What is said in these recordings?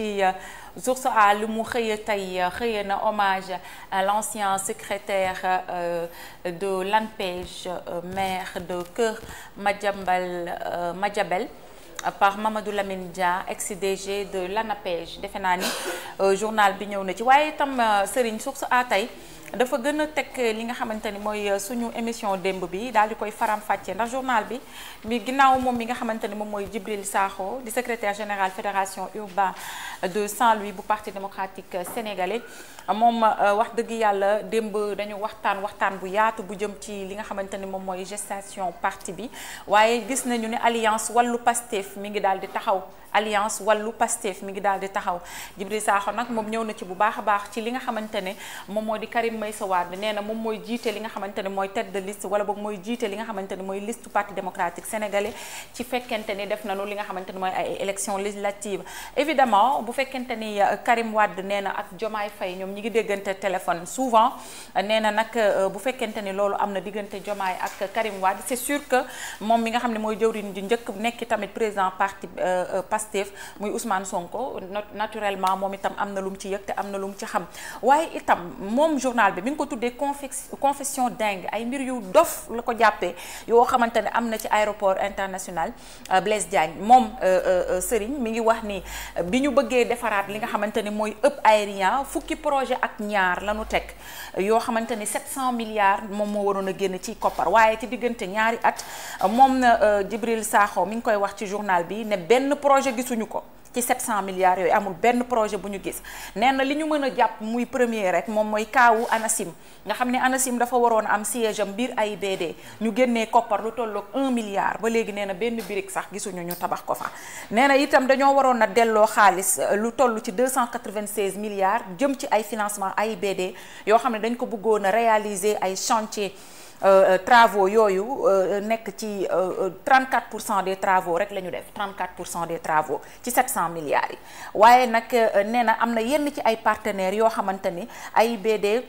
ci Source euh, A lu mu xëya tey euh, xëya na hommage à l'ancien secrétaire euh, de l'ANPEJ maire de Kër Madiambal Madiabel par Mamadou Lamine Dia ex-DG de l'ANAPEJ defe naa ni journal bi ñëw na ci waaye itam Serigne Source A tey dafa gën a teg li nga xamante ni mooy euh, suñu émission démb bi daal di koy faram-fàccee ndax journal bi mi ginnaaw moom mi nga xamante ni moom mooy Djibril Sakho di secrétaire général fédération urbain de Saint-Louis bu parti démocratique sénégalais Ah, moom euh, wax dëgg yàlla démb dañu waxtaan waxtaan bu yaatu bu jëm ci li nga xamante ni moom mooy gestation parti bi waaye gis nañu ni alliance wàllu Pastef mi ngi daal di taxaw alliance wàllu Pastef mi ngi daal di taxaw Djibril Sakho nag moom ñëw na ci bu baax a baax ci li nga xamante ne moom moo di Karim Meïssa moom mooy jiite li nga xamante ne mooy tête de liste wala boog mooy jiite li nga xamante ne mooy liste parti démocratique sénégalais ci fekkente ni def nañu li nga xamante ne mooy ay élection législative évidemment bu fekkente ni euh, Karim Wade nee na ak Diomaye ñi ngi déggante téléphone souvent nee na nag euh, bu fekkente ni loolu am na diggante Diomaye ak Karim Wade c'est sûr que moom mi nga xam ne mooy jëwriñ ji njëkk nekk tamit président parti euh, euh, Pastef muy Ousmane Sonko naturellement moom itam am na lu mu ci yëg te am na lu mu ci xam waaye itam moom journal bi mi nga ko tuddee confession dingue ay mbir yu dof la ko jàppee yoo xamante ne am na ci aéroport international Blaise Diagne moom Serigne mi ngi wax ni bi ñu bëggee nga xamante ne projet ak ñaar la ñu teg yoo xamante ni 700 milliards moom moo waroon a génn ci koppar waaye ci diggante ñaari at moom na euh, Djibril Sakho mi ngi koy wax ci journal bi ne benn projet gisuñu ko ci 700 milliards yooyu amul benn projet bu ñu gis nee na li ñu mën a jàpp muy premier rek moom mooy kaawu ANACIM nga xam ne ANACIM dafa waroon am siège am biir AIBD ñu génnee koppar lu tolloog 1 milliard ba léegi nee na benn birig sax gisuñu ñu tabax ko fa nee na itam dañoo waroon a delloo xaalis euh, lu toll ci 296 milliards jëm ci ay financement AIBD yoo xam ne dañ ko bëggoon a réaliser ay chantier Euh, euh, travaux yooyu euh, nekk ci 34 pour cent des travaux rek la ñu def 34 pour cent des travaux ci 700 milliards yi waaye nag nee na am na yenn ci ay partenaires yoo xamante ni AIBD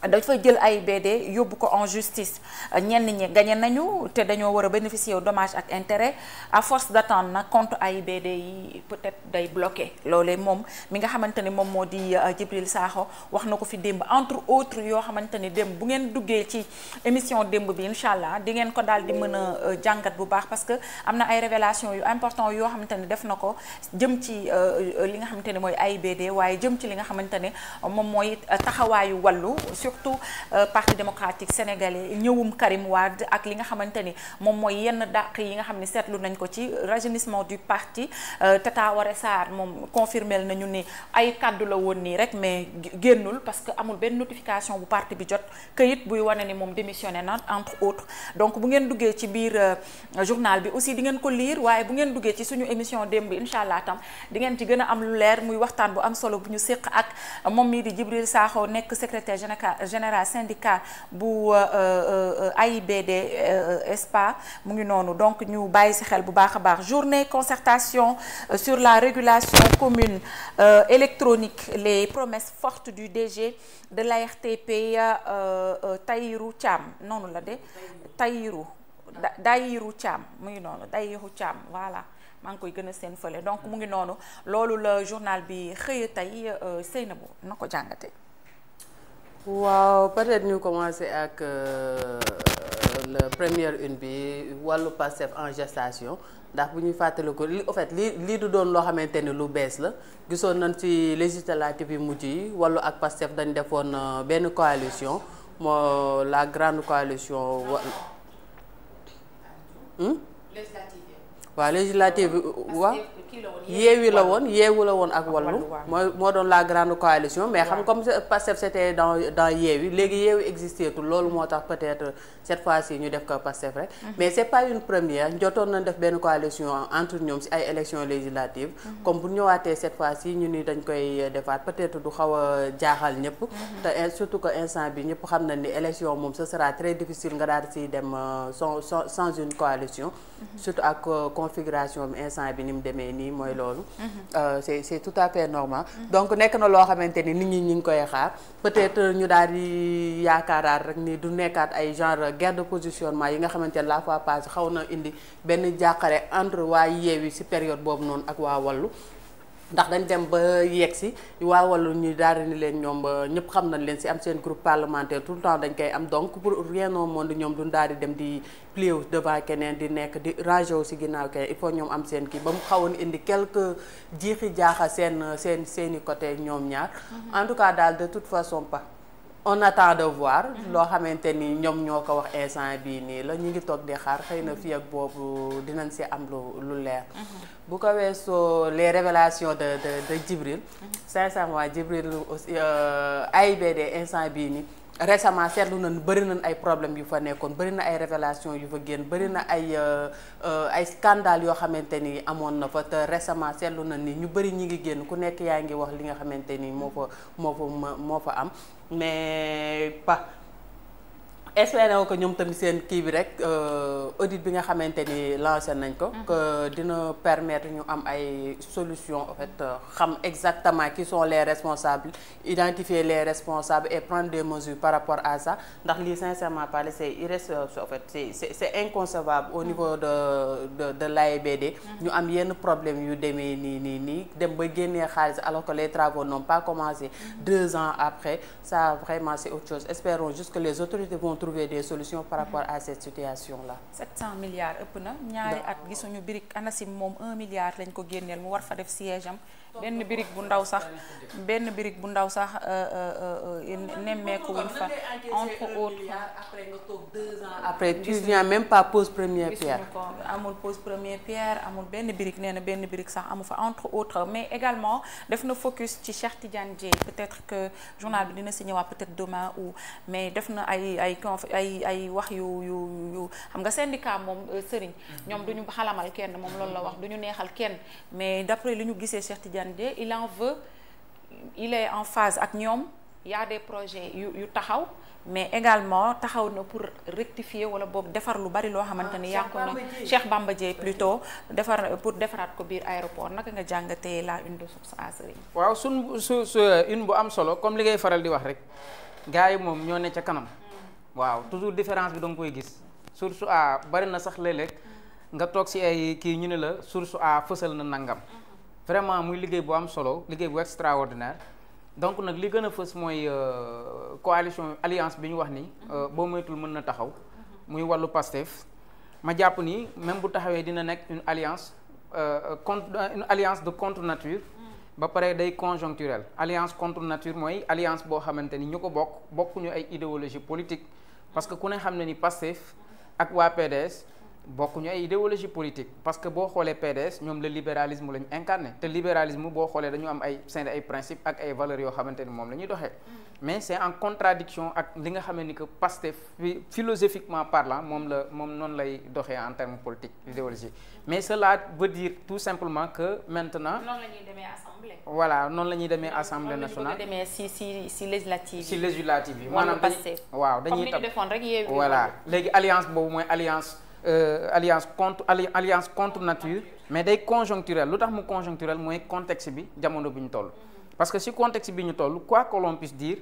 dafa jël ay BD yóbbu ko en justice ñenn ñi gañe nañu te dañoo war a bénéficier domage ak intérêt à force d'attendre nag compte ay BD yi peut-être day bloqué loole moom mi nga xamante ni moom moo di euh, Djibril Sakho wax na ko fi démb entre autres yoo xamante ni démb bu ngeen duggee ci émission démb bi incha allah di ngeen ko daal di mën a euh, jàngat bu baax parce que am na ay révélation yu important yoo xamante ni def na ko jëm ci euh, li nga xamante ni mooy ay BD waaye jëm ci li nga xamante ni moom mooy taxawaayu wallu surtout euh, parti démocratique sénégalais ñëwum Karim Wade ak li nga xamante ni moom mooy yenn dàq yi nga xam ne seetlu nañ ko ci rajeunissement du parti euh, Tata Waré Sarr moom confirmé nañu ni ay kàddu la woon nii rek mais génnul parce que amul benn notification bu parti bi jot këyit buy wane ni moom démissionné na entre autres donc bu ngeen duggee ci biir euh, journal bi aussi di ngeen ko liir waaye bu ngeen duggee ci suñu émission démb bi incha allah tam di ngeen ci gën am lu leer muy waxtaan bu am solo ñu séq ak moom mii nekk secrétaire général syndicat bu euh, euh, euh, AIBD ESPA mu ngi noonu donc ñu bàyyi si xel bu baax a baax journée concertation sur la régulation commune électronique les promesses fortes du DG de la l'ARTP Tahirou Thiam noonu la de Tahirou Dahirou Thiam mu ngi noonu Dahirou Thiam voilà maa ngi koy gën a seen fële donc mu ngi noonu loolu la journal bi xëy tey Seynabou na ko jàngate waaw peut-être ñu commencer ak euh, le première une bi wàllu Pastef en gestation ndax bu ñuy fàttali ko li en fait li lii du doon loo xamante ni lu bees la gisoon nañ ci législative yi mujj yi wàllu ak Pastef dañ defoon euh, benn coalition moo la grande coalition wa. législative hmm? waaw yeewi la woon yeewu la woon ak wallu mooy moo doon la grande coalition mais xam comme Pastef c'était dans dans yeewi léegi yeewi existé tout loolu moo tax peut-être cette fois-ci ñu def ko Pastef rek mhm. mais c'est pas une première jotoon nañ def benn coalition entre ñoom ci ay élections législatives mhm. comme bu ñëwaatee cette ni dañ koy defaat peut-être du xaw a jaaxal ñëpp mhm. te surtout que instant bi ñëpp xam nañ ni élection moom ce sera très difficile nga daal si dem euh, sans sans une coalition surtout ak euh, configuration instant bi ni mu demee nii mooy mooy loolu. Mm-hmm. Euh, c'est c'est tout à fait normal. Mm-hmm. donc nekk na loo xamante ni nit ñi ñu ngi koy xaar peut-être ñu daal di yaakaaraat rek nii du nekkaat ay genre guerre de positionnement yi nga xamante ne la fois passée xaw na indi benn jàqare entre waa yeew Yewwi ci période boobu noonu ak waa Wallu ndax dañ dem ba yegg si waa Wallu ñu daal ni leen ñoom ñëpp xam nañ leen si am seen groupe parlementaire tout le temps dañ koy am donc pour rien au monde ñoom duñ daal di dem di plier wu devant keneen di nekk di ranger wu si ginnaaw keneen il faut ñoom am seen kii ba mu xawoon indi quelque jiixi jaaxa seen seen seen i côté ñoom ñaar. Mhm. en tout cas daal de toute façon pas. on attend de voir loo xamante ni ñoom ñoo ko wax instant bii nii la ñu ngi toog di xaar xëy na fii ak boobu dinañ si am lu lu leer. Mm-hmm. bu ko weesoo les révélations de de de Djibril. Mm-hmm. sincèrement Djibril aussi euh, AIBD instant bii nii. récemment seetlu nañu bëri nañ ay problèmes yu fa nekkoon bari na ay révélation yu fa génn bari na ay euh, euh, ay scandale yoo xamante ni amoon na fa te récemment seetlu nañ ni ñu bëri ñi ngi génn ku nekk yaa ngi wax li nga xamante ni moo fa moo fa moo fa am mais pa espéré ko ñoom tamit seen kii bi rek euh, audit bi nga xamante ni lancé nañ ko. Mm-hmm. dina permettre ñu am ay solution en fait euh, xam exactement qui sont les responsables identifie les responsables et prendre des mesures par rapport à ça ndax lii sincèrement parlé c'est irrecevable en fait c'est au mm-hmm. niveau de de de l'AIBD. E mm-hmm. ñu am yenn problème yu demee nii nii nii dem ba génnee xaalis alors que les travaux n'ont pas commencé deux ans après ça vraiment c'est autre chose espérons les autorités vont trouver des solutions par rapport à cette situation là. 700 milliards ëpp na. ñaari at gisuñu birig ANACIM moom 1 milliard lañ ko génneel mu war fa def siège am. benn birig bu ndaw sax benn birig bu ndaw sax euh, euh, euh, nemmeeku wuñ fa. entre autres après nga toog même pas pose première pierre. amul pose première pierre benn birig nee na benn birig sax amu fa entre autres mais également def na focus ci Cheikh Tidiane Dièye peut-être que journal bi dina si ñëwaat peut-être demain ou mais def na ay ay. non ay ay wax yu yu yu xam nga syndicat moom euh, sëriñ mm-hmm. ñoom duñu xalamal kenn moom loolu la wax duñu neexal kenn mais d'après lu ñu gisee Cheikh Tidiane Dièye il en veut il est en phase ak ñoom y a des projets yu yu taxaw mais également taxaw na pour rectifier wala boobu defar lu bari loo xamante ni ah, yàqu na Cheikh Bamba Dièye plutôt defar pour defaraat ko biir aéroport naka nga jàngatee la une de source à sëriñ waaw sun su une bu am solo comme li ngay faral di wax rek gars yi moom ñoo ne ca kanam waaw toujours différence bi danga koy gis source A bari na sax léeg-léeg nga toog si ay kii ñu ne la source A fësal na nangam vraiment muy liggéey bu am solo liggéey bu extraordinaire donc nag li gën a fës mooy euh, coalition alliance bi ñu wax ni euh, mhm. boo moytul mën na taxaw muy wàllu Pastef ma jàpp ni même bu taxawee dina nekk une alliance euh, contre une alliance de contre nature mm. ba pare day conjoncturelle alliance contre nature mooy alliance boo xamante ni ñu ko bokk bokkuñu ay idéologie politique parce que ku ne xam ne ni Pastef ak waa PDS bokkuñu ay idéologie politique parce que boo xoolee PDS ñoom la libéralisme la ñu incarné te libéralisme boo xoolee dañu am ay seen ay principes ak ay valeurs yoo xamante ni moom la doxee mm. mais c'est en contradiction ak li nga xamante ni que Pastef philosophiquement parlant moom la moom noonu lay doxee en termes politiques mm. mais cela veut dire tout simplement que maintenant. noonu noonu la ñuy demee assemblée nationale. noonu la ñuy demee si si si législative. si bi maanaam dañuy waaw dañuy. tam comme ni ñu defoon rek léegi alliance boobu mooy alliance. Euh, alliance contre alliance contre nature mais day conjoncturel lu tax mu conjoncturel mooy contexte bi jamono bi ñu toll parce que si contexte bi ñu toll quoi que l'on puisse dire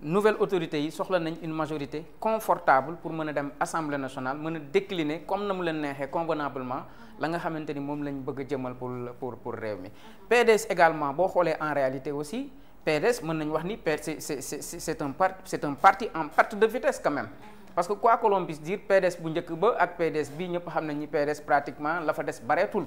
nouvelle autorité yi soxla nañ une majorité confortable pour mën a dem assemblée nationale mën a décliner comme na mu leen neexee convenablement la nga xamante ni moom lañ bëgg a jëmal pour pour pour réew mi PDS également boo xoolee en réalité aussi PDS mën nañu wax ni c'est c'est c'est un en perte de vitesse parce que quoi que l'on puisse dire bu njëkk ba ak PDS bi ñëpp xam nañ ni PDS pratiquement la fa des bareetul.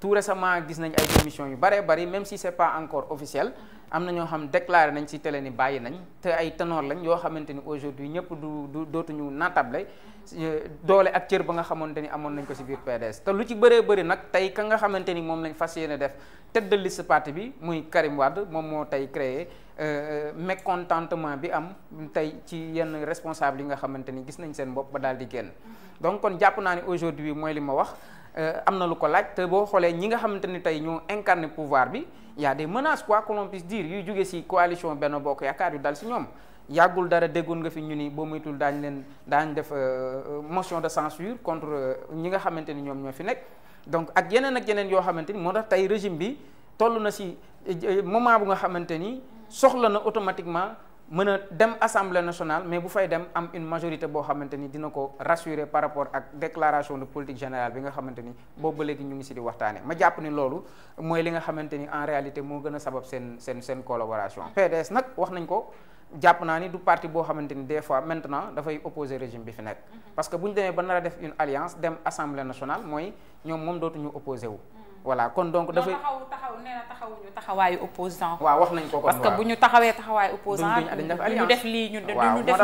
tout récemment gis nañ ay démission yu bare bari même si c'est pas encore officiel am na ñoo xam déclaré nañ ci tele ni bàyyi nañ te ay ténor lañ yoo xamante ni aujourd'hui ñëpp du du dootuñu naatable Euh, doole ak cër ba nga xamante ni amoon nañ ko si biir PDS te lu ci bëree bëri nag tey ka nga xamante ni moom lañ fas yéene def tête de liste parti bi muy Karim wadd moom moo tey créé euh, euh, mécontentement bi am tey ci yenn responsable yi nga xamante ni gis nañ seen bopp ba daal di génn donc kon jàpp naa ne aujourd'hui mooy li ma wax am na lu ko laaj te boo xoolee ñi nga xamante ni tey ñoo incarné pouvoir bi y a des menaces quoi que l'on puisse dire yuy jóge si coalition Benno Bokk Yaakaar yu dal si ñoom yàggul dara déggoon nga fi ñu ni boo moytul daañ leen daañ def euh, euh, motion de censure contre euh, ñi nga xamante ni ñoom ñoo fi nekk donc ak yeneen ak yeneen yoo xamante ni moo tax tey régime bi toll na si moment bu nga xamante ni soxla na automatiquement mën a dem assemblée nationale mais bu fay dem am une majorité boo xamante ni dina ko rassurer par rapport ak déclaration de politique générale bi nga xamante ni boobu ba léegi ñu ngi si di waxtaanee ma jàpp ni loolu mooy li nga xamante ni en réalité moo gën a sabab seen seen seen collaboration. PDS nag wax nañ ko jàpp naa ni du parti boo xamante ni des fois maintenant dafay opposer régime bi fi nekk. Mhm. parce que bu ñu demee ba nar a def une alliance dem assemblé nationale mooy ñoom moom dootuñu opposé wu. voilà kon donc dafay taxaw taxaw nee na taxawuñu taxawaayu opposant waaw wax nañ ko kon parce que bu ñu taxawee taxawaayu opposant du ñu def lii ñu def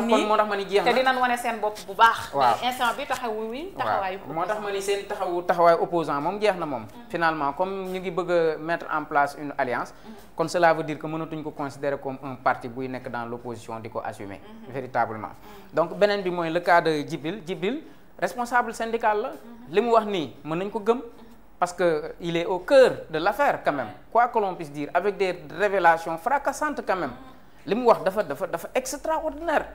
nii moo tax ma ni jeex na te wane seen bopp bu baax waaw instant bi taxawuñu taxawaayu moo tax ma ni seen taxawu taxawaayu opposant moom jeex na moom mm-hmm. finalement comme ñu ngi bëgg a mettre en place une alliance mm-hmm. kon cela veut dire que mënatuñ ko considérer comme un parti buy nekk dans l'opposition di ko assumer mm-hmm. véritablement donc beneen bi mooy le cas de Djibril Djibril responsable syndical la li mu wax nii mën nañ ko gëm parce que il est au cœur de l'affaire quand même quoi que l'on puisse dire avec des révélations fracassantes quand même li mu wax dafa dafa dafa extraordinaire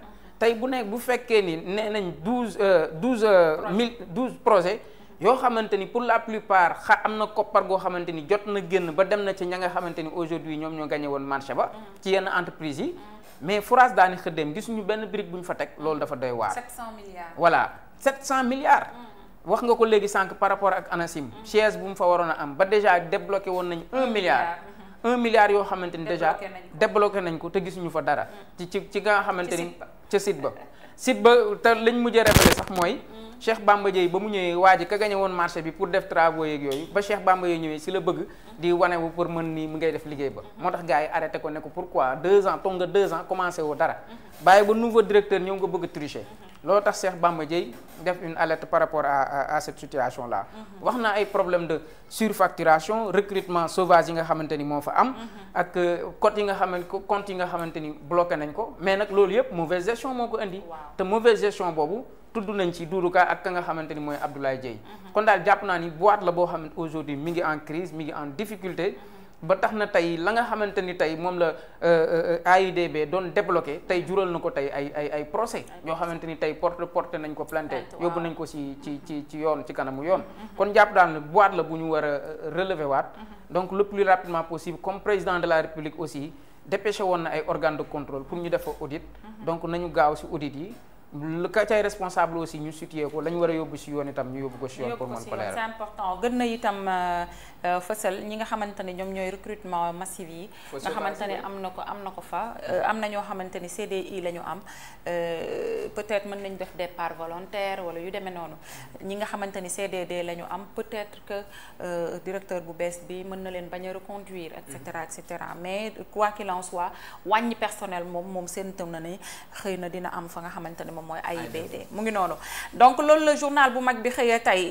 tey bu nekk bu fekkee ni nee nañ douze euh, douze euh, mille douze projets yoo xamante ni pour la plupart xa am na koppar goo xamante ni jot na génn ba dem na ci ña nga xamante ni aujourd'hui ñoom ñoo gagné woon marché ba mm. ci yenn entreprise yi mais Foras daani xëddeem gisuñu benn brique bu ñu fa teg loolu dafa doy waar. 700 milliards voilà 700 milliards. Mm. wax nga ko léegi sànq par rapport ak ANACIM chaise mm-hmm. bu mu fa waroon a am ba déjà débloqué woon nañu un milliard un milliard yoo xamante ni déjà débloqué nañ ko te gisuñu fa dara mm. ci ci ci nga xamante ni ca site ba site ba te lañ mujjee révélé sax mooy mm. Cheikh Bamba Dieye ba mu ñëwee waa ka gañe woon marché bi pour def travaux yeeg yooyu ba Cheikh Bamba Dieye ñëwee si la bëgg di wane wu pour mën nii mu ngay def liggéey ba moo tax gars yi arrêté ko ne ko pourquoi deux ans toog nga deux ans commencé woo dara bàyyi ba nouveau directeur ñëw nga bëgg tricher loolu tax Cheikh Bamba Dieye def une alerte par rapport à à, à cette situation là wax na ay problème de surfacturation recrutement sauvage yi nga xamante ni moo fa am ak euh, code yi nga xamante compte yi nga xamante ni bloqué nañ ko mais nag loolu yëpp mauvaise gestion moo ko indi te mauvaise gestion boobu tudd nañ ci Doudou Ka ak ka nga xamante ni mooy Abdoulaye Dieye mhm. kon daal jàpp naa ni boîte la boo xamante aujourd'hui mi ngi en crise mi ngi en difficulté mhm. ba tax na tey la nga xamante ni tey moom la euh, euh, AIDB doon débloqué tey jural na ko tey ay ay ay procès ñoo xamante ni tey porte porte nañ ko planté yóbbu nañ ko ci ci ci ci yoon ci kanamu yoon mhm. kon jàpp daal ne boîte la bu ñu war a euh, relever waat donc le plus rapidement possible comme président de la République aussi dépêché woon na ay organes de pour ñu def audit donc ka cay responsable aussi ñu situé ko la ñu war a yóbbu si yoon itam ñu yóbbu ko si yoon pour gën na itam euh, euh, fësal ñi nga xamante ne ñoom ñooy recrutement massif yi nga xamante ne am na ko am na ko fa euh, am na ñoo xamante ni CDI la ñu am peut-être mën nañ def départ volontaire wala yu demee noonu ñi nga xamante ni CDD la ñu am peut-être que directeur bu bees bi mën na leen bañ a reconduire et cetera et mais quoi qu'il en soit wàññi personnel moom moom seen tam na ne xëy na dina am fa nga xamante moom moom mooy AIBD mu ngi noonu donc loolu la journal bu mag bi xëy xëyee tey